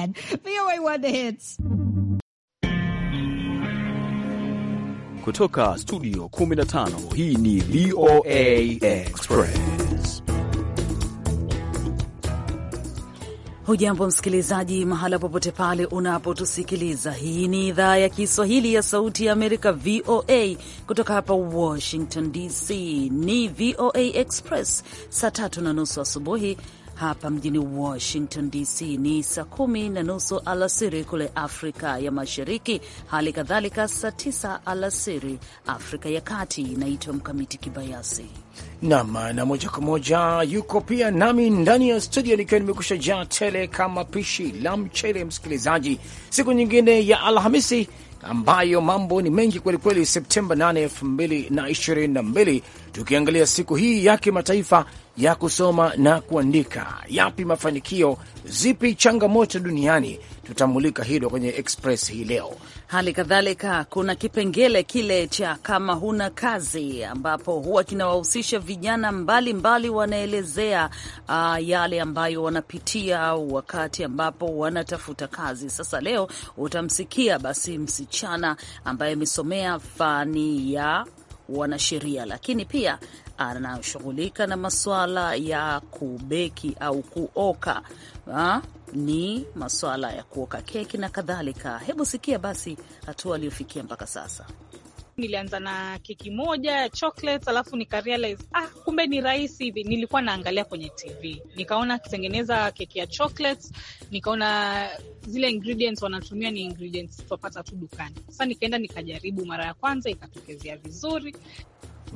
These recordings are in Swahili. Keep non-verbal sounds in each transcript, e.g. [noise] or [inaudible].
bad. VOA1 The Hits kutoka studio 15. Hii ni VOA Express. Hujambo msikilizaji, mahala popote pale unapotusikiliza. Hii ni idhaa ya Kiswahili ya Sauti ya Amerika, VOA, kutoka hapa Washington DC. Ni VOA Express, saa tatu na nusu asubuhi hapa mjini Washington DC ni saa kumi na nusu alasiri kule Afrika ya Mashariki, hali kadhalika saa tisa alasiri Afrika ya Kati. Inaitwa Mkamiti Kibayasi nam na moja kwa moja yuko pia nami ndani ya studio nikiwa nimekusha jaa tele kama pishi la mchele. Msikilizaji, siku nyingine ya Alhamisi ambayo mambo ni mengi kwelikweli. Septemba 8, 2022 tukiangalia siku hii ya kimataifa ya kusoma na kuandika. Yapi mafanikio, zipi changamoto duniani? Tutamulika hilo kwenye Express hii leo. Hali kadhalika kuna kipengele kile cha kama huna kazi, ambapo huwa kinawahusisha vijana mbalimbali, wanaelezea uh, yale ambayo wanapitia au wakati ambapo wanatafuta kazi. Sasa leo utamsikia basi msichana ambaye amesomea fani ya wanasheria, lakini pia anashughulika na masuala ya kubeki au kuoka ha? ni masuala ya kuoka keki na kadhalika. Hebu sikia basi hatua aliyofikia mpaka sasa. Nilianza na keki moja ya chocolate, alafu nikarealize ah, kumbe ni rahisi hivi. Nilikuwa naangalia kwenye TV nikaona akitengeneza keki ya chocolate, nikaona zile ingredients wanatumia ni ingredients tutapata tu dukani. Sasa nikaenda nikajaribu mara ya kwanza, ikatokezea vizuri.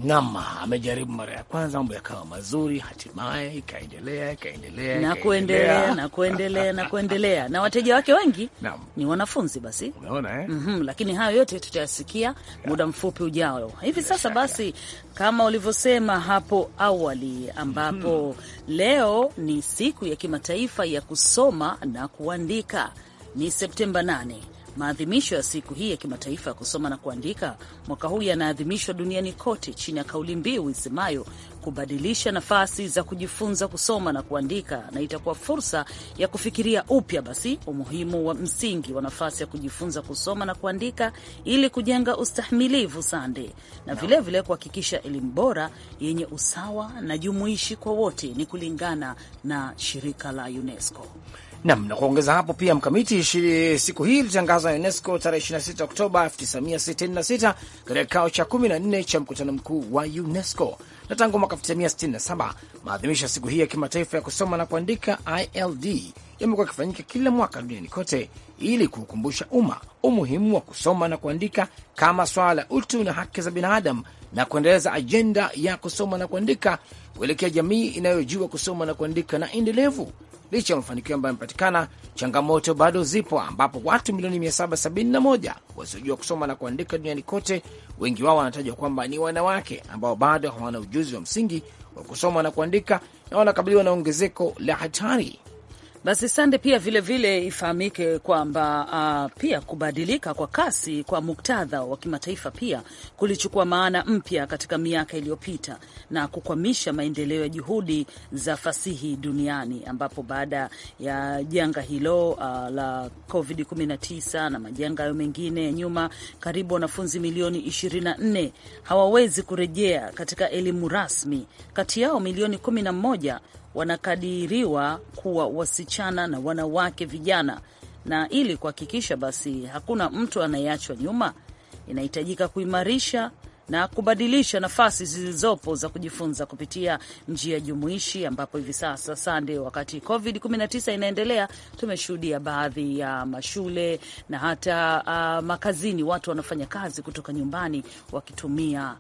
Nama amejaribu mara ya kwanza, mambo yakawa mazuri, hatimaye ikaendelea ikaendelea na kuendelea na kuendelea na kuendelea, na wateja wake wengi Nam. ni wanafunzi. Basi unaona eh? mm -hmm, lakini hayo yote tutayasikia muda mfupi ujao hivi sasa. Basi kama ulivyosema hapo awali, ambapo mm -hmm. leo ni siku ya kimataifa ya kusoma na kuandika, ni Septemba nane Maadhimisho ya siku hii ya kimataifa ya kusoma na kuandika mwaka huu yanaadhimishwa duniani kote chini ya kauli mbiu isemayo kubadilisha nafasi za kujifunza kusoma na kuandika, na itakuwa fursa ya kufikiria upya basi umuhimu wa msingi wa nafasi ya kujifunza kusoma na kuandika ili kujenga ustahimilivu sande, na vilevile kuhakikisha elimu bora yenye usawa na jumuishi kwa wote, ni kulingana na shirika la UNESCO. Nam na kuongeza hapo pia mkamiti shiri, siku hii ilitangazwa na UNESCO tarehe 26 Oktoba 1966 katika kikao cha 14 cha mkutano mkuu wa UNESCO, na tangu mwaka 1967 maadhimisho ya siku hii ya kimataifa ya kusoma na kuandika ILD yamekuwa yakifanyika kila mwaka duniani kote ili kuukumbusha umma umuhimu wa kusoma na kuandika kama swala la utu na haki za binadamu na kuendeleza ajenda ya kusoma na kuandika kuelekea jamii inayojua kusoma na kuandika na endelevu licha ya mafanikio ambayo yamepatikana, changamoto bado zipo, ambapo watu milioni 771 wasiojua kusoma na kuandika duniani kote, wengi wao wanatajwa kwamba ni wanawake ambao bado hawana ujuzi wa msingi wa kusoma na kuandika na wanakabiliwa na ongezeko la hatari basi sande. Pia vilevile ifahamike kwamba uh, pia kubadilika kwa kasi kwa muktadha wa kimataifa pia kulichukua maana mpya katika miaka iliyopita na kukwamisha maendeleo ya juhudi za fasihi duniani, ambapo baada ya janga hilo uh, la COVID-19 na majanga hayo mengine ya nyuma, karibu wanafunzi milioni 24 hawawezi kurejea katika elimu rasmi, kati yao milioni 11 wanakadiriwa kuwa wasichana na wanawake vijana, na ili kuhakikisha basi hakuna mtu anayeachwa nyuma, inahitajika kuimarisha na kubadilisha nafasi zilizopo za kujifunza kupitia njia jumuishi, ambapo hivi sasa Sande, wakati Covid 19 inaendelea, tumeshuhudia baadhi ya mashule na hata uh, makazini watu wanafanya kazi kutoka nyumbani wakitumia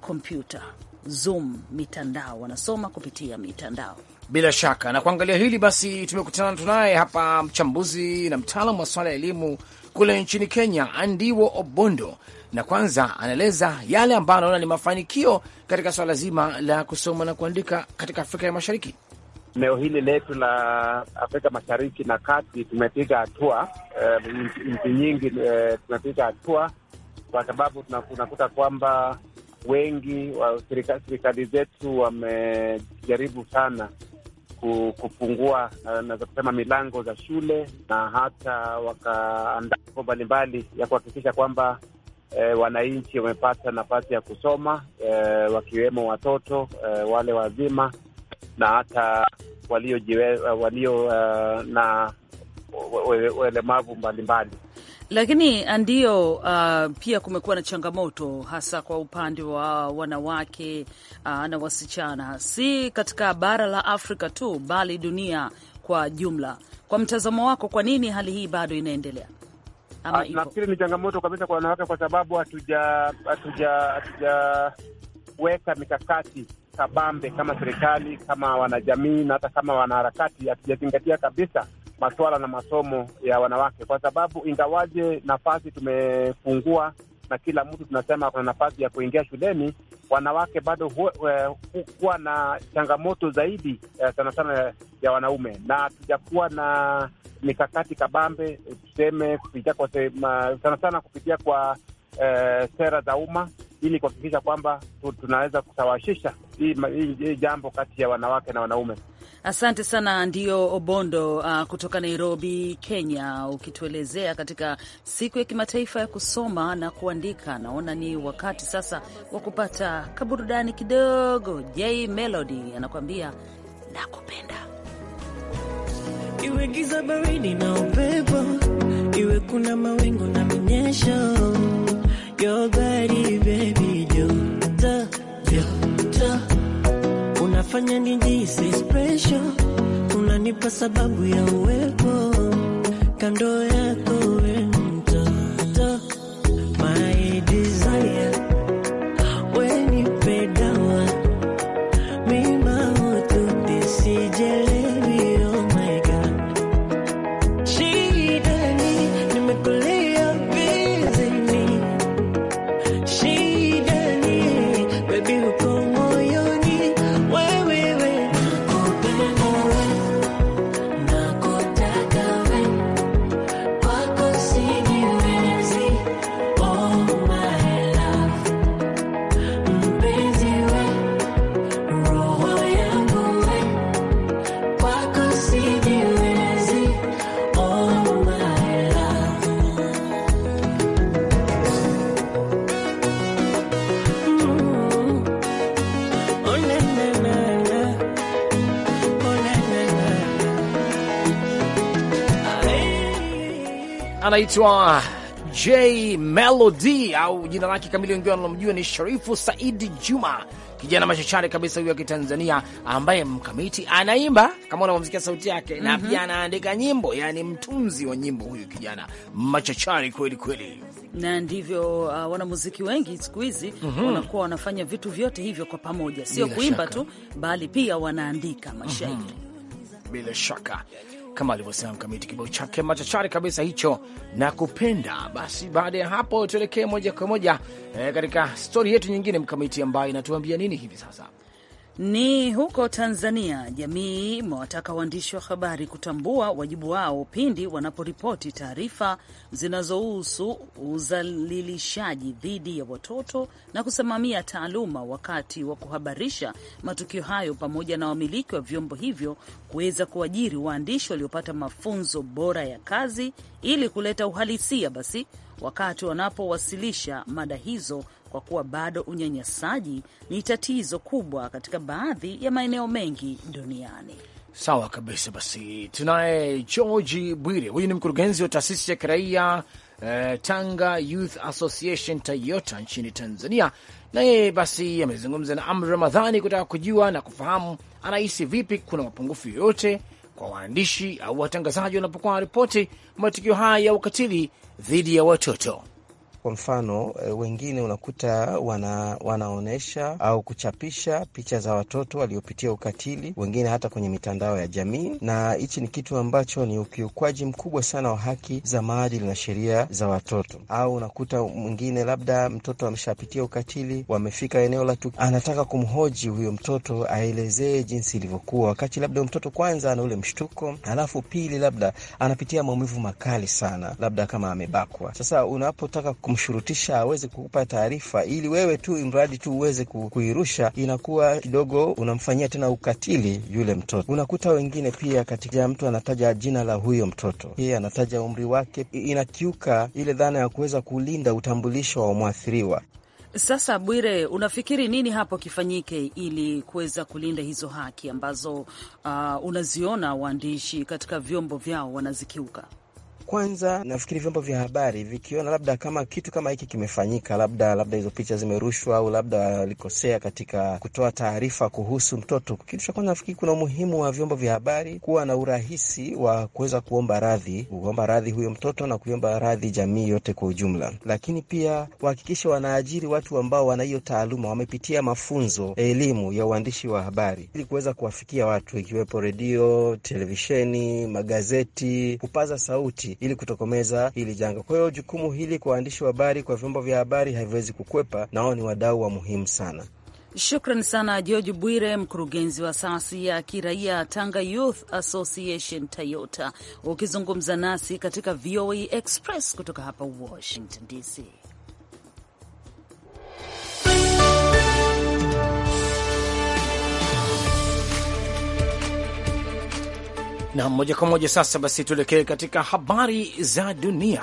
kompyuta. Zoom, mitandao, wanasoma kupitia mitandao. Bila shaka na kuangalia hili basi, tumekutana tunaye hapa mchambuzi na mtaalamu wa swala ya elimu kule nchini Kenya, Andiwo Obondo, na kwanza anaeleza yale ambayo anaona ni mafanikio katika swala zima la kusoma na kuandika katika Afrika ya Mashariki. Eneo hili letu la Afrika Mashariki na Kati tumepiga hatua eh, nchi nchi nyingi e, tumepiga hatua kwa sababu tunakuta kwamba wengi wa serikali zetu wamejaribu sana kufungua eh, naweza kusema milango za shule na hata wakaandaa mambo mbalimbali ya kuhakikisha kwamba e, wananchi wamepata nafasi ya kusoma e, wakiwemo watoto e, wale wazima na hata walio, walio uh, na ulemavu mbalimbali. Lakini uh, ndio uh, pia kumekuwa na changamoto hasa kwa upande wa wanawake uh, na wasichana, si katika bara la Afrika tu bali dunia kwa jumla. Kwa mtazamo wako, kwa nini hali hii bado inaendelea? Ama ah, nafikiri ni changamoto kabisa kwa wanawake, kwa sababu hatuja hatuja hatujaweka mikakati kabambe kama serikali, kama wanajamii na hata kama wanaharakati, hatujazingatia kabisa masuala na masomo ya wanawake, kwa sababu ingawaje nafasi tumefungua na kila mtu tunasema kuna nafasi ya kuingia shuleni, wanawake bado hukuwa eh, na changamoto zaidi eh, sana sana ya wanaume, na hatujakuwa na mikakati kabambe, tuseme kupitia kwa sema, sana sana kupitia kwa eh, sera za umma ili kuhakikisha kwamba tunaweza kusawasisha hii jambo kati ya wanawake na wanaume. Asante sana ndio Obondo uh, kutoka Nairobi, Kenya, ukituelezea katika siku ya kimataifa ya kusoma na kuandika. Naona ni wakati sasa wa kupata kaburudani kidogo. J Melody anakuambia nakupenda. Iwe giza baridi na upepo, iwe kuna mawingu na minyesho, yobari unafanya nijisi kwa sababu ya uwepo kando yako anaitwa J Melody au jina lake kamili wengi wanalomjua ni Sharifu Saidi Juma, kijana machachari kabisa huyo wa Kitanzania ambaye mkamiti anaimba kama unavyomsikia sauti yake, mm -hmm. na mhm. pia anaandika nyimbo, yani mtunzi wa nyimbo huyu kijana machachari kweli kweli na ndivyo uh, wanamuziki wengi siku hizi mm -hmm. wanakuwa wanafanya vitu vyote hivyo kwa pamoja, sio kuimba tu, bali pia wanaandika mashairi mm -hmm. bila shaka kama alivyosema mkamiti, kibao chake machachari kabisa hicho na kupenda. Basi baada ya hapo tuelekee moja kwa moja e, katika stori yetu nyingine mkamiti, ambayo inatuambia nini hivi sasa? Ni huko Tanzania, jamii imewataka waandishi wa habari kutambua wajibu wao pindi wanaporipoti taarifa zinazohusu udhalilishaji dhidi ya watoto na kusimamia taaluma wakati wa kuhabarisha matukio hayo, pamoja na wamiliki wa vyombo hivyo kuweza kuajiri waandishi waliopata mafunzo bora ya kazi ili kuleta uhalisia basi wakati wanapowasilisha mada hizo kwa kuwa bado unyanyasaji ni tatizo kubwa katika baadhi ya maeneo mengi duniani. Sawa kabisa. Basi tunaye George Bwire, huyu ni mkurugenzi wa taasisi ya kiraia eh, Tanga Youth Association Tayota nchini Tanzania. Naye basi amezungumza na Amri Ramadhani kutaka kujua na kufahamu anahisi vipi kuna mapungufu yoyote kwa waandishi au watangazaji wanapokuwa ripoti matukio haya ya ukatili dhidi ya watoto. Kwa mfano e, wengine unakuta wana, wanaonyesha au kuchapisha picha za watoto waliopitia ukatili, wengine hata kwenye mitandao ya jamii, na hichi ni kitu ambacho ni ukiukwaji mkubwa sana wa haki za maadili na sheria za watoto. Au unakuta mwingine labda mtoto ameshapitia ukatili, wamefika eneo la tukio, anataka kumhoji huyo mtoto aelezee jinsi ilivyokuwa, wakati labda mtoto kwanza ana ule mshtuko, alafu pili labda anapitia maumivu makali sana, labda kama amebakwa. Sasa unapotaka kum kumshurutisha aweze kukupa taarifa ili wewe tu mradi tu uweze kuirusha, inakuwa kidogo unamfanyia tena ukatili yule mtoto. Unakuta wengine pia katika mtu anataja jina la huyo mtoto, yeye anataja umri wake, inakiuka ile dhana ya kuweza kulinda utambulisho wa mwathiriwa. Sasa Bwire, unafikiri nini hapo kifanyike ili kuweza kulinda hizo haki ambazo uh, unaziona waandishi katika vyombo vyao wanazikiuka? kwanza nafikiri vyombo vya habari vikiona labda kama kitu kama hiki kimefanyika, labda labda hizo picha zimerushwa au labda walikosea katika kutoa taarifa kuhusu mtoto, kitu cha kwanza nafikiri kuna umuhimu wa vyombo vya habari kuwa na urahisi wa kuweza kuomba radhi, kuomba radhi huyo mtoto na kuomba radhi jamii yote kwa ujumla, lakini pia wahakikishe wanaajiri watu ambao wana hiyo taaluma, wamepitia mafunzo, elimu ya uandishi wa habari ili kuweza kuwafikia watu, ikiwepo redio, televisheni, magazeti, kupaza sauti ili kutokomeza hili janga. Kwa hiyo jukumu hili kwa waandishi wa habari, kwa vyombo vya habari haviwezi kukwepa, na wao ni wadau wa muhimu sana. Shukran sana George Bwire, mkurugenzi wa asasi ya kiraia Tanga Youth Association Toyota, ukizungumza nasi katika VOA Express kutoka hapa Washington DC. Na moja kwa moja sasa basi tuelekee katika habari za dunia.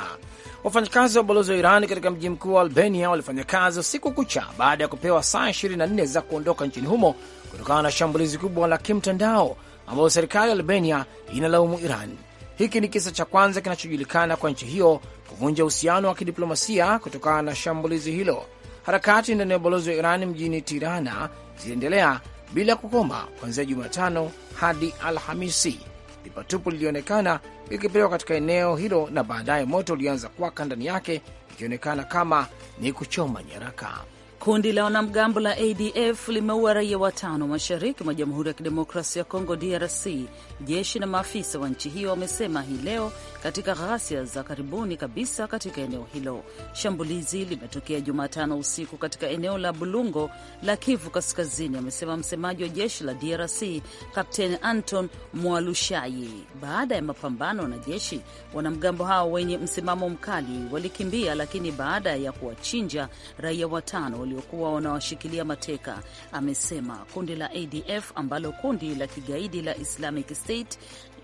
Wafanyakazi wa ubalozi wa Iran katika mji mkuu wa Albania walifanya kazi siku kucha baada ya kupewa saa 24 za kuondoka nchini humo kutokana na shambulizi kubwa la kimtandao ambayo serikali ya Albania inalaumu Iran. Hiki ni kisa cha kwanza kinachojulikana kwa nchi hiyo kuvunja uhusiano wa kidiplomasia kutokana na shambulizi hilo. Harakati ndani ya ubalozi wa Iran mjini Tirana ziliendelea bila kukoma kuanzia Jumatano hadi Alhamisi patupu lilionekana likipelekwa katika eneo hilo na baadaye moto ulianza kuwaka ndani yake, ikionekana kama ni kuchoma nyaraka. Kundi la wanamgambo la ADF limeua raia watano mashariki mwa Jamhuri ya Kidemokrasia ya Kongo, DRC, jeshi na maafisa wa nchi hiyo wamesema hii leo katika ghasia za karibuni kabisa katika eneo hilo. Shambulizi limetokea Jumatano usiku katika eneo la Bulungo la Kivu Kaskazini, amesema msemaji wa jeshi la DRC Kapteni Anton Mwalushayi. Baada ya mapambano na jeshi, wanamgambo hao wenye msimamo mkali walikimbia, lakini baada ya kuwachinja raia watano waliokuwa wanawashikilia mateka, amesema kundi la ADF ambalo kundi la kigaidi la Islamic State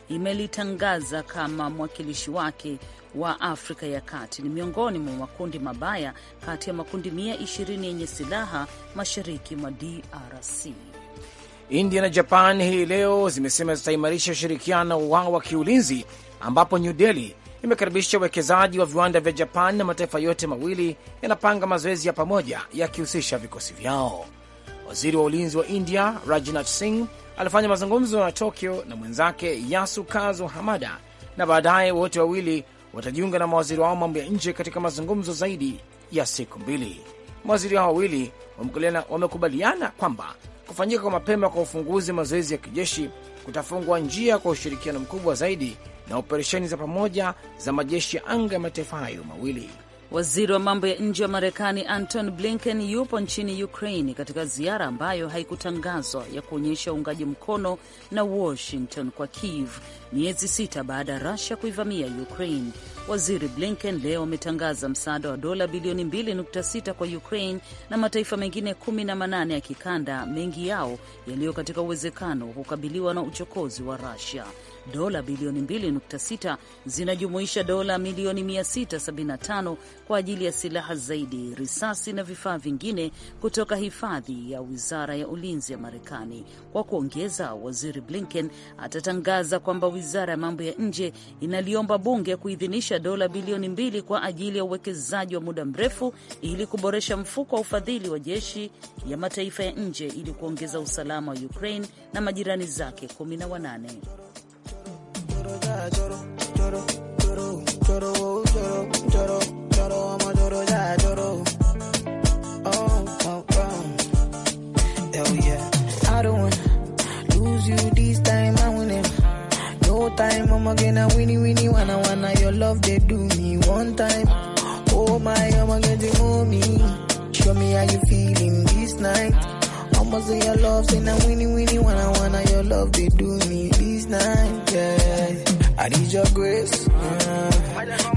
imelitangaza kama mwakilishi wake wa Afrika ya Kati ni miongoni mwa makundi mabaya kati ya makundi 120 yenye silaha mashariki mwa DRC. India na Japan hii leo zimesema zitaimarisha ushirikiano wao wa kiulinzi ambapo New Delhi imekaribisha uwekezaji wa viwanda vya Japan na mataifa yote mawili yanapanga mazoezi ya pamoja yakihusisha vikosi vyao. Waziri wa ulinzi wa India Rajnath Singh alifanya mazungumzo na Tokyo na mwenzake Yasukazu Hamada na baadaye wote wawili watajiunga na mawaziri wao mambo ya nje katika mazungumzo zaidi ya siku mbili. Mawaziri hao wawili wamekubaliana kwamba kufanyika kwa mapema kwa ufunguzi mazoezi ya kijeshi kutafungua njia kwa ushirikiano mkubwa zaidi na operesheni za pamoja za majeshi ya anga ya mataifa hayo mawili. Waziri wa mambo ya nje wa Marekani Anton Blinken yupo nchini Ukraine katika ziara ambayo haikutangazwa ya kuonyesha uungaji mkono na Washington kwa Kiev miezi sita baada ya rusia kuivamia Ukraine. Waziri Blinken leo ametangaza msaada wa dola bilioni 2.6 kwa Ukraine na mataifa mengine 18 ya kikanda, mengi yao yaliyo katika uwezekano wa kukabiliwa na uchokozi wa rusia dola bilioni 2.6 zinajumuisha dola milioni 675 kwa ajili ya silaha zaidi, risasi na vifaa vingine kutoka hifadhi ya wizara ya ulinzi ya Marekani. Kwa kuongeza, waziri Blinken atatangaza kwamba wizara ya mambo ya nje inaliomba bunge kuidhinisha dola bilioni mbili kwa ajili ya uwekezaji wa muda mrefu ili kuboresha mfuko wa ufadhili wa jeshi ya mataifa ya nje ili kuongeza usalama wa Ukraine na majirani zake 18. ya lloro, lloro, lloro, lloro, lloro, lloro, lloro, amo, lloro, ya lloro. Oh, oh, oh. Hell yeah. I don't wanna lose you this time, I win it. No time, I'm gonna winnie, winnie, wanna, wanna, your love, they do me one time. Oh my, I'm gonna get hold me. Show me how you feeling this night. I'ma say your love, say now winnie, winnie, wanna, wanna, your love, they do me this night, yeah. I need your grace. Uh,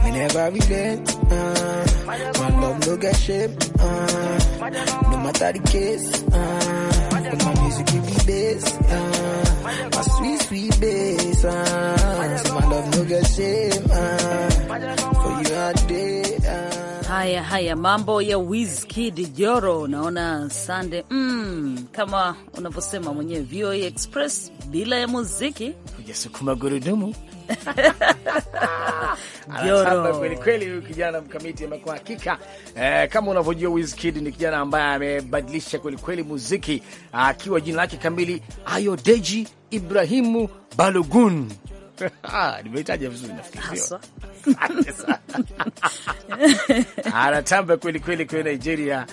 we never relent. Uh, my love no get shame. Uh, no matter the case. Uh, my music give me bass. Uh, my sweet, sweet bass. Uh, so my love no get shame. Uh, for you are day. Uh. Haya, haya mambo ya Wizkid Joro, naona Sande. Mm, kama unavyosema mwenyewe VOA Express bila ya muziki hujasukuma gurudumu. [laughs] kweli kweli, huyu kijana mkamiti amekuwa hakika eh, kama unavyojua Wizkid ni kijana ambaye amebadilisha kweli kweli muziki akiwa jina lake kamili Ayodeji Ibrahimu Balogun. [laughs] Ah, Nimehitaja vizuri nafikiri. [laughs] Anatamba kweli kweli kwa Nigeria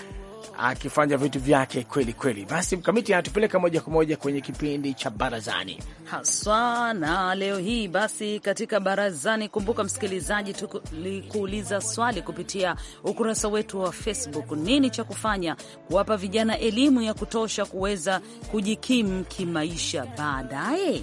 akifanya vitu vyake kweli kweli. Basi mkamiti anatupeleka moja kwa moja kwenye kipindi cha barazani haswa na leo hii. Basi katika barazani, kumbuka msikilizaji, tulikuuliza swali kupitia ukurasa wetu wa Facebook, nini cha kufanya kuwapa vijana elimu ya kutosha kuweza kujikimu kimaisha baadaye?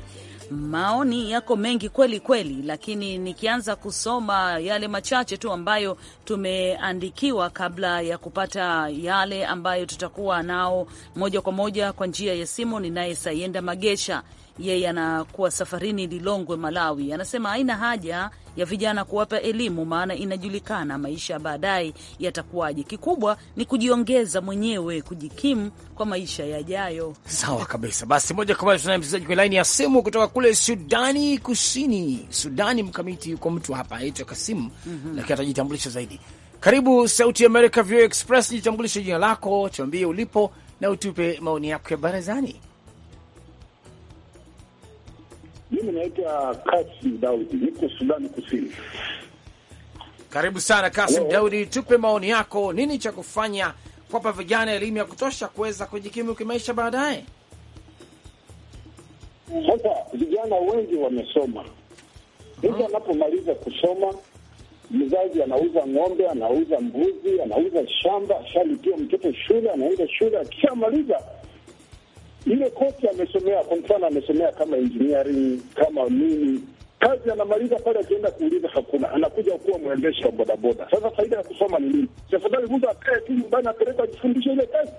Maoni yako mengi kweli kweli, lakini nikianza kusoma yale machache tu ambayo tumeandikiwa kabla ya kupata yale ambayo tutakuwa nao moja kwa moja kwa njia ya simu. Ninaye Sayenda Magesha yeye anakuwa safarini Lilongwe, Malawi, anasema haina haja ya vijana kuwapa elimu, maana inajulikana maisha baadaye yatakuwaje. Kikubwa ni kujiongeza mwenyewe, kujikimu kwa maisha yajayo. Sawa kabisa. Basi moja kwa moja tunaye msikilizaji kwenye laini ya simu kutoka kule Sudani Kusini. Sudani mkamiti, yuko mtu hapa aitwa Kasimu, mhm. lakini mm -hmm. atajitambulisha zaidi. Karibu Sauti ya America, VOA Express. Jitambulishe jina lako, tuambie ulipo na utupe maoni yako ya barazani. Mimi naitwa Kasim Daudi, niko Sudani Kusini. Karibu sana Kasim Daudi, tupe maoni yako, nini cha kufanya kuwapa vijana elimu ya kutosha kuweza kujikimu kimaisha baadaye? Sasa vijana wengi wamesoma, mtu hmm, anapomaliza kusoma mzazi anauza ng'ombe, anauza mbuzi, anauza shamba, ashalipia mtoto shule, anaenda shule, akishamaliza ile kosi amesomea, kwa mfano amesomea kama engineering kama nini, kazi anamaliza pale, akienda kuuliza hakuna, anakuja kuwa mwendeshi wa bodaboda. Sasa faida ya kusoma ni nini? Afadhali mtu akae tu nyumbani, apeleka ajifundishe ile kazi.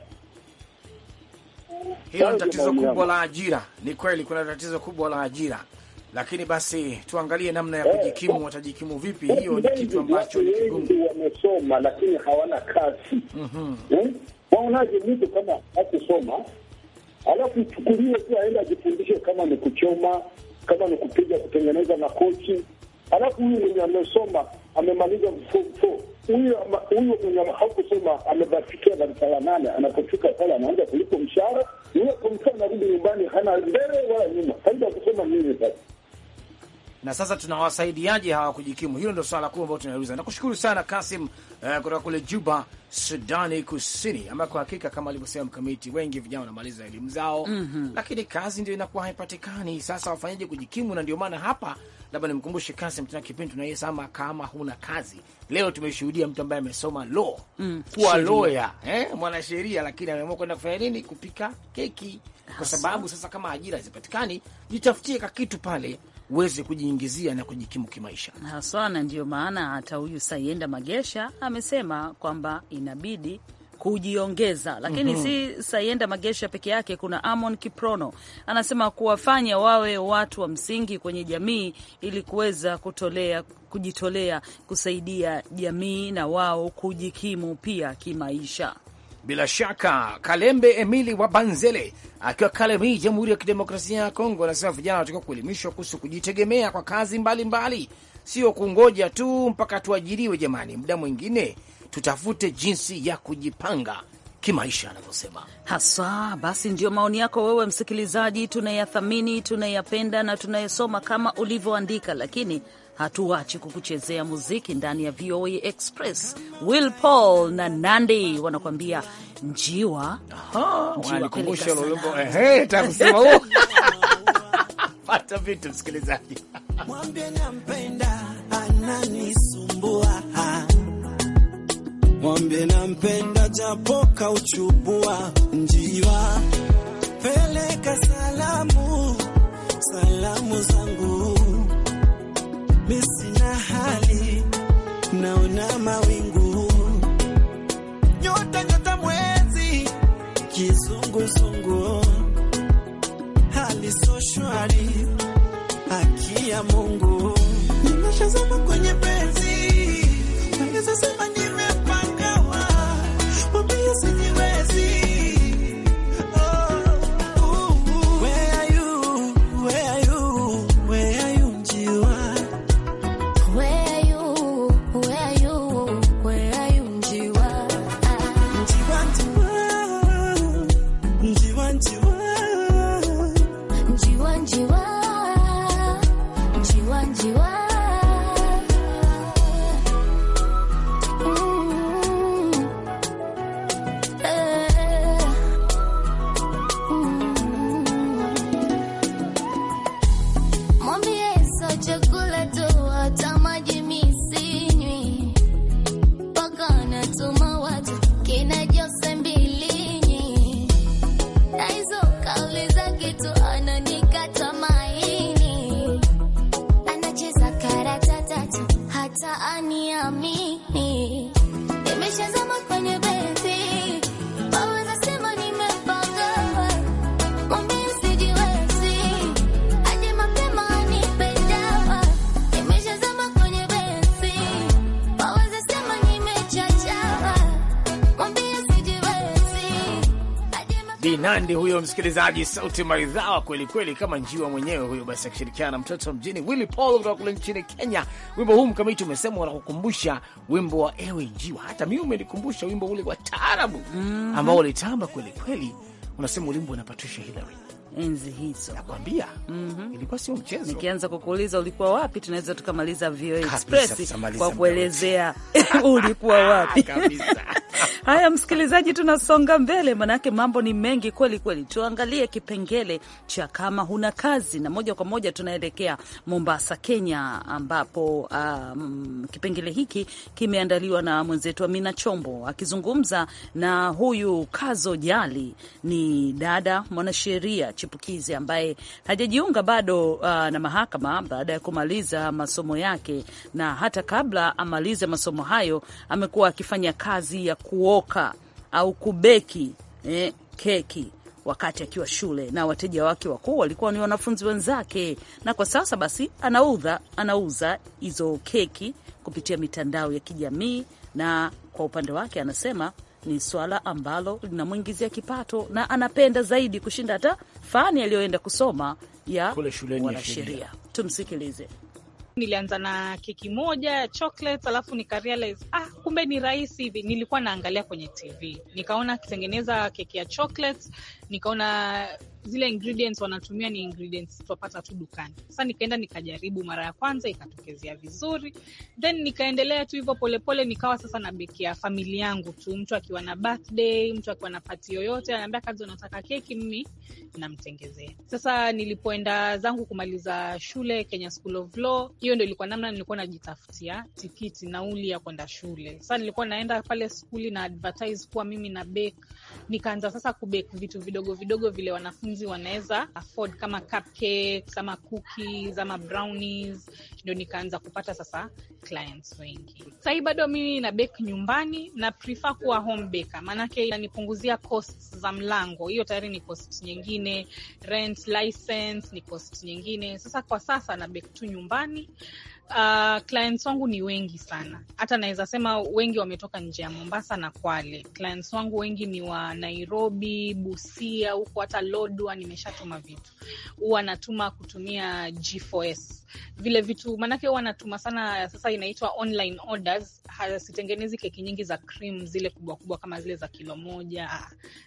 Hilo ni tatizo kubwa la ajira. Ni kweli kuna tatizo kubwa la ajira, lakini basi tuangalie namna ya eh, kujikimu. Eh, Watajikimu vipi? Hiyo ni kitu ambacho ni kigumu. Wamesoma lakini hawana kazi. Mhm. Eh, waonaje mtu kama hakusoma alafu ichukuliwe tu aende ajifundishe, kama ni kuchoma, kama ni kupiga, kutengeneza na kochi Alafu huyu mwenye amesoma amemaliza form four, huyu mwenye hakusoma amebafikia darasa la nane, anapotoka pale anaanza kulipo mshahara, huyo mtu anarudi nyumbani, hana mbele wala nyuma. Faida kusoma nini basi na sasa tunawasaidiaje hawa kujikimu? Hilo ndio swala kuu ambalo tunauliza. Nakushukuru sana Kasim uh, kutoka kule Juba, Sudani Kusini, ambayo kwa hakika kama alivyosema Mkamiti, wengi vijana wanamaliza elimu zao mm -hmm. lakini kazi ndio inakuwa haipatikani. Sasa wafanyaje kujikimu? Na ndio maana hapa labda nimkumbushe Kasim, tuna kipindi tunayesema kama huna kazi. Leo tumeshuhudia mtu ambaye amesoma law mm, kuwa loya eh, mwanasheria, lakini ameamua kwenda kufanya nini? Kupika keki, kwa sababu sasa kama ajira hazipatikani, jitafutie kakitu pale uweze kujiingizia na kujikimu kimaisha haswa. Na ndio maana hata huyu Sayenda Magesha amesema kwamba inabidi kujiongeza lakini, mm -hmm. si Sayenda Magesha peke yake. Kuna Amon Kiprono anasema kuwafanya wawe watu wa msingi kwenye jamii ili kuweza kutolea, kujitolea kusaidia jamii na wao kujikimu pia kimaisha. Bila shaka Kalembe Emili wa Banzele akiwa kalemi Jamhuri ya Kidemokrasia ya Kongo, anasema vijana wanatakiwa kuelimishwa kuhusu kujitegemea kwa kazi mbalimbali mbali. Sio kungoja tu mpaka tuajiriwe. Jamani, muda mwingine tutafute jinsi ya kujipanga kimaisha anavyosema haswa. Basi ndio maoni yako wewe msikilizaji, tunayathamini, tunayapenda na tunayesoma kama ulivyoandika, lakini hatuachi kukuchezea muziki ndani ya VOA Express. Will Paul na Nandi wanakuambia njiwa, pata [laughs] vitu msikilizaji, mwambie nampenda ananisumbua, mwambie nampenda japo kauchubua, njiwa peleka salamu, salamu za msikilizaji, sauti maridhawa kweli kweli, kama njiwa mwenyewe huyo. Basi akishirikiana na mtoto mjini Willy Paul kutoka kule nchini Kenya. Wimbo huu mkamiti umesema unakukumbusha wimbo wa ewe njiwa, hata mimi umenikumbusha wimbo ule wa taarabu mm -hmm. ambao ulitamba kweli kweli, unasema ulimbo unapatusha Patricia enzi hizo nakwambia, mm -hmm. ilikuwa sio mchezo. Nikianza kukuuliza ulikuwa wapi, tunaweza tukamaliza VOA Express kwa kuelezea [laughs] ulikuwa wapi [laughs] kabisa. Haya, msikilizaji, tunasonga mbele, manake mambo ni mengi kweli kweli. Tuangalie kipengele cha kama huna kazi, na moja kwa moja tunaelekea Mombasa, Kenya, ambapo um, kipengele hiki kimeandaliwa na mwenzetu Amina Chombo akizungumza na huyu Kazo Jali. Ni dada mwanasheria chipukizi ambaye hajajiunga bado uh, na mahakama baada ya kumaliza masomo yake, na hata kabla amalize masomo hayo amekuwa akifanya kazi ya kuo kuoka au kubeki eh, keki wakati akiwa shule, na wateja wake wakuu walikuwa ni wanafunzi wenzake. Na kwa sasa basi anauza anauza hizo keki kupitia mitandao ya kijamii, na kwa upande wake anasema ni swala ambalo linamwingizia kipato na anapenda zaidi kushinda hata fani aliyoenda kusoma ya wanasheria. Tumsikilize. Nilianza na keki moja chocolate, alafu nikarealize ah, kumbe ni rahisi hivi. Nilikuwa naangalia kwenye TV nikaona akitengeneza keki ya chocolate, nikaona zile ingredients wanatumia ni ingredients tutapata tu dukani. Sasa nikaenda nikajaribu mara ya kwanza, ikatokezea vizuri, then nikaendelea tu hivyo polepole, nikawa sasa nabekea beki familia yangu tu. Mtu akiwa na birthday, mtu akiwa na pati yoyote, anaambia kazi, unataka keki, mimi namtengezea. Sasa nilipoenda zangu kumaliza shule Kenya School of Law, hiyo ndo ilikuwa namna nilikuwa najitafutia tikiti, nauli ya kwenda shule. Sasa nilikuwa naenda pale skuli na advertise kuwa mimi na bake, nikaanza sasa kubake vitu vidogo vidogo vile wanafunzi wanafunzi wanaweza afford kama cupcakes ama cookies ama brownies ndio nikaanza kupata sasa clients wengi. Sahii bado mimi na bake nyumbani na prefer kuwa home baker, maanake inanipunguzia cost za mlango. Hiyo tayari ni cost nyingine, rent, license ni cost nyingine. Sasa kwa sasa na bake tu nyumbani. Uh, clients wangu ni wengi sana, hata naweza sema wengi wametoka nje ya Mombasa na Kwale. Clients wangu wengi ni wa Nairobi, Busia, huko hata Lodwa nimeshatuma vitu, huwa natuma kutumia G4S vile vitu, maanake wanatuma sana. Sasa inaitwa online orders, hasitengenezi keki nyingi za cream zile kubwa kubwa kama zile za kilo moja.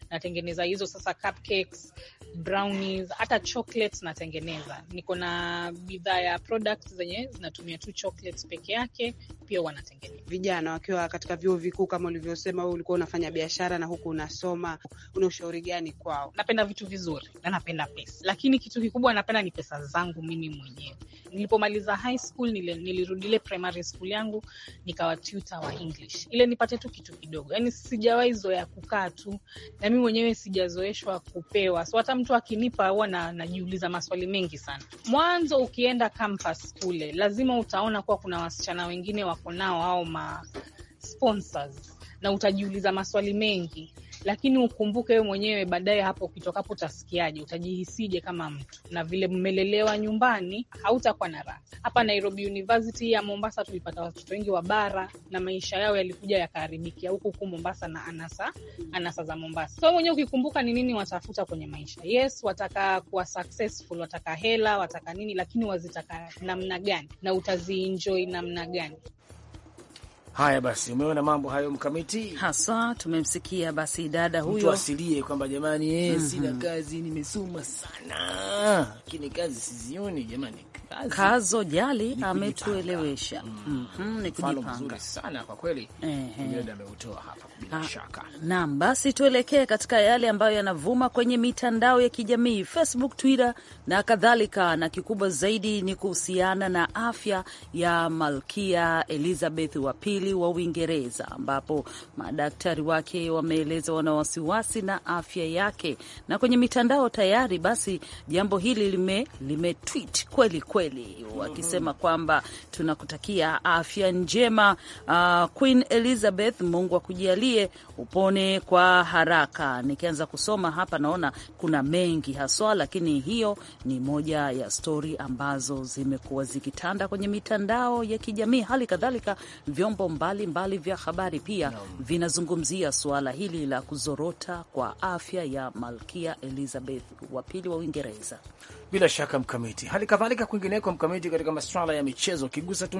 Natengeneza hizo sasa, cupcakes, brownies, hata chocolates natengeneza. Niko na bidhaa ya products zenye zinatumia tu chocolates peke yake, pia wanatengeneza. Vijana wakiwa katika vyuo vikuu kama ulivyosema wewe, ulikuwa unafanya biashara na huku unasoma, una ushauri gani kwao? Napenda vitu vizuri na napenda pesa, lakini kitu kikubwa napenda ni pesa zangu mimi mwenyewe nilipomaliza high school nile, nilirudile primary school yangu nikawa tutor wa English ile nipate tu kitu kidogo. Yani sijawahi zoea kukaa tu, na mimi mwenyewe sijazoeshwa kupewa, so hata mtu akinipa huwa na, najiuliza maswali mengi sana. Mwanzo ukienda campus kule, lazima utaona kuwa kuna wasichana wengine wako nao au ma sponsors na utajiuliza maswali mengi lakini ukumbuke wewe mwenyewe baadaye, hapo ukitokapo utasikiaje? Utajihisije kama mtu? Na vile mmelelewa nyumbani, hautakuwa na raha. Hapa Nairobi University ya Mombasa tulipata watoto wengi wa bara na maisha yao yalikuja yakaharibikia huku huku Mombasa na anasa anasa za Mombasa. So mwenyewe ukikumbuka ni nini watafuta kwenye maisha? Yes, wataka kuwa successful, wataka hela, wataka nini, lakini wazitaka namna gani na utazienjoy namna gani? Haya basi, umeona mambo hayo mkamiti haswa. Tumemsikia basi dada huyo, mtu asilie kwamba jamani, eh, mm -hmm. sina kazi, nimesoma sana lakini kazi sizioni jamani. Kazi. Kazo Jali ametuelewesha mm -hmm. ni kujipanga mm-hmm. mhm, sana kwa kweli, ameutoa hapa bila ah, shaka. Naam, basi tuelekee katika yale ambayo yanavuma kwenye mitandao ya kijamii Facebook, Twitter na kadhalika, na kikubwa zaidi ni kuhusiana na afya ya Malkia Elizabeth wa pili wa Uingereza, ambapo madaktari wake wameeleza wana wasiwasi na afya yake, na kwenye mitandao tayari basi jambo hili lime, lime kweli kweli wakisema mm-hmm. kwamba tunakutakia afya njema, uh, Queen Elizabeth, Mungu akujalie tusaidie upone kwa haraka. Nikianza kusoma hapa, naona kuna mengi haswa, lakini hiyo ni moja ya stori ambazo zimekuwa zikitanda kwenye mitandao ya kijamii. Hali kadhalika vyombo mbalimbali mbali vya habari pia no. vinazungumzia suala hili la kuzorota kwa afya ya Malkia Elizabeth wa pili wa Uingereza. Bila shaka Mkamiti, hali kadhalika kwingineko Mkamiti, katika maswala ya michezo, kigusa tu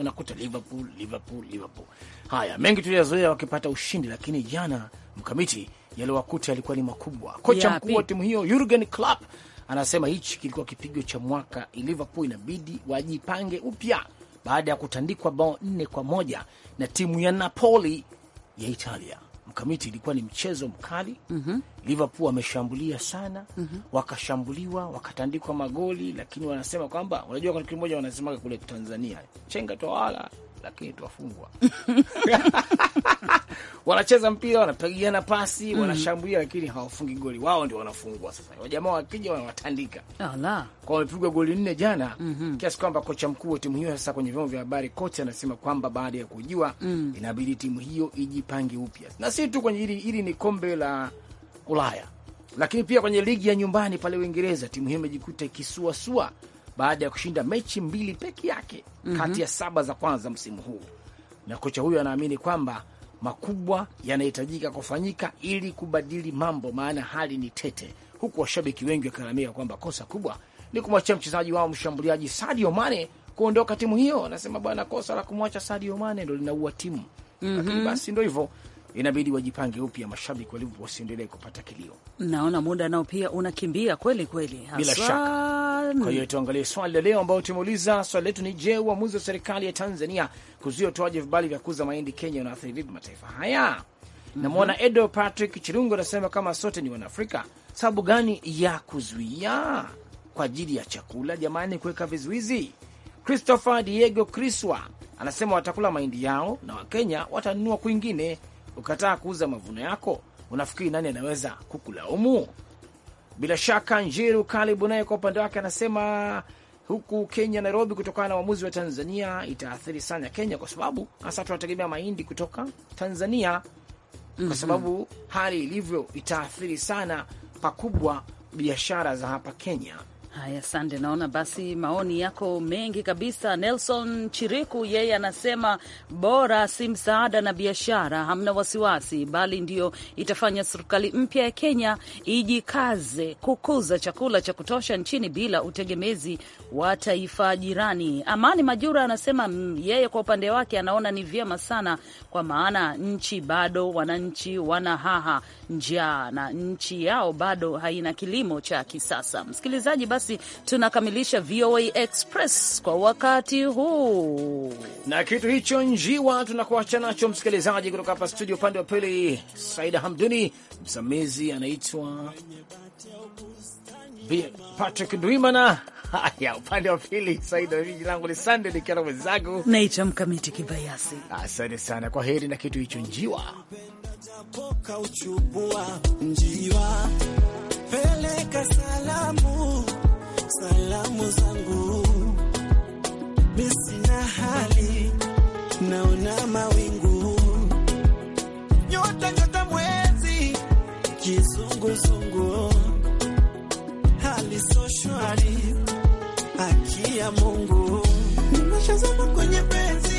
unakuta Liverpool, Liverpool, Liverpool. Haya mengi tuliyazoea wakipata ushindi, lakini jana mkamiti yaliowakuta yalikuwa ni makubwa. Kocha yeah, mkuu wa timu hiyo Jurgen Klopp anasema hichi kilikuwa kipigo cha mwaka. Liverpool inabidi wajipange upya baada ya kutandikwa bao nne kwa moja na timu ya Napoli ya Italia. Mkamiti, ilikuwa ni mchezo mkali mm -hmm. Liverpool wameshambulia sana mm -hmm. Wakashambuliwa, wakatandikwa magoli, lakini wanasema kwamba unajua, kitu kimoja wanasemaga kule Tanzania, chenga tawala lakini twafungwa. [laughs] wanacheza mpira, wanapigiana pasi mm wanashambulia, lakini hawafungi goli, wao ndio wanafungwa. Sasa wajamaa wakija wanawatandika kwa, wamepigwa goli nne jana mm -hmm. kiasi kwamba kocha mkuu wa timu hiyo sasa kwenye vyombo vya habari kocha anasema kwamba baada ya kujua mm inabidi timu hiyo ijipange upya, na si tu kwenye hili, hili ni kombe la Ulaya lakini pia kwenye ligi ya nyumbani pale Uingereza timu hiyo imejikuta ikisuasua baada ya kushinda mechi mbili peke yake mm -hmm. kati ya saba za kwanza msimu huu, na kocha huyo anaamini kwamba makubwa yanahitajika kufanyika ili kubadili mambo, maana hali ni tete, huku washabiki wengi wakilalamika kwamba kosa kubwa ni kumwachia mchezaji wao mshambuliaji Sadio Mane kuondoka timu hiyo. Anasema bwana, kosa la kumwacha Sadio Mane ndo linaua timu. Mm -hmm. Lakini mhm. basi ndo hivyo inabidi wajipange upya mashabiki wa wasiendelee kupata kilio. Naona muda nao pia unakimbia kweli kweli, bila shaka. Kwa hiyo tuangalie swali la leo ambayo tumeuliza. Swali letu ni je, uamuzi wa serikali ya Tanzania kuzuia utoaji vibali vya kuuza mahindi Kenya unaathiri vipi mataifa haya? Mhm. Namwona mm -hmm. Edo Patrick Chirungo anasema kama sote ni Wanaafrika, sababu gani ya kuzuia kwa ajili ya chakula jamani, kuweka vizuizi? Christopher Diego Criswa anasema watakula mahindi yao na Wakenya watanunua kwingine ukataa kuuza mavuno yako, unafikiri nani anaweza kukulaumu? Bila shaka Njiru Kalibu naye kwa upande wake anasema huku Kenya, Nairobi, kutokana na uamuzi wa Tanzania itaathiri sana Kenya kwa sababu hasa tunategemea mahindi kutoka Tanzania kwa mm -hmm. sababu hali ilivyo itaathiri sana pakubwa biashara za hapa Kenya Haya, sande. Naona basi maoni yako mengi kabisa. Nelson Chiriku yeye anasema bora si msaada na biashara, hamna wasiwasi, bali ndiyo itafanya serikali mpya ya Kenya ijikaze kukuza chakula cha kutosha nchini bila utegemezi wa taifa jirani. Amani Majura anasema mm, yeye kwa upande wake anaona ni vyema sana, kwa maana nchi bado wananchi wana haha njaa na nchi yao bado haina kilimo cha kisasa. Msikilizaji basi basi tunakamilisha VOA Express kwa wakati huu, na kitu hicho njiwa tunakuacha nacho msikilizaji, kutoka hapa studio upande wa pili. Saida Hamduni, msamizi anaitwa Patrick Ndwimana. [laughs] Haya, upande wa pili Saida, jina langu ni Sande nikiwa na mwenzangu naitwa Mkamiti Kibayasi. Asante sana, kwa heri na kitu hicho njiwa salamu zangu, misi na hali naona mawingu, nyota nyota, mwezi kizunguzungu, hali so shwari, haki Mungu nimeshazama kwenye penzi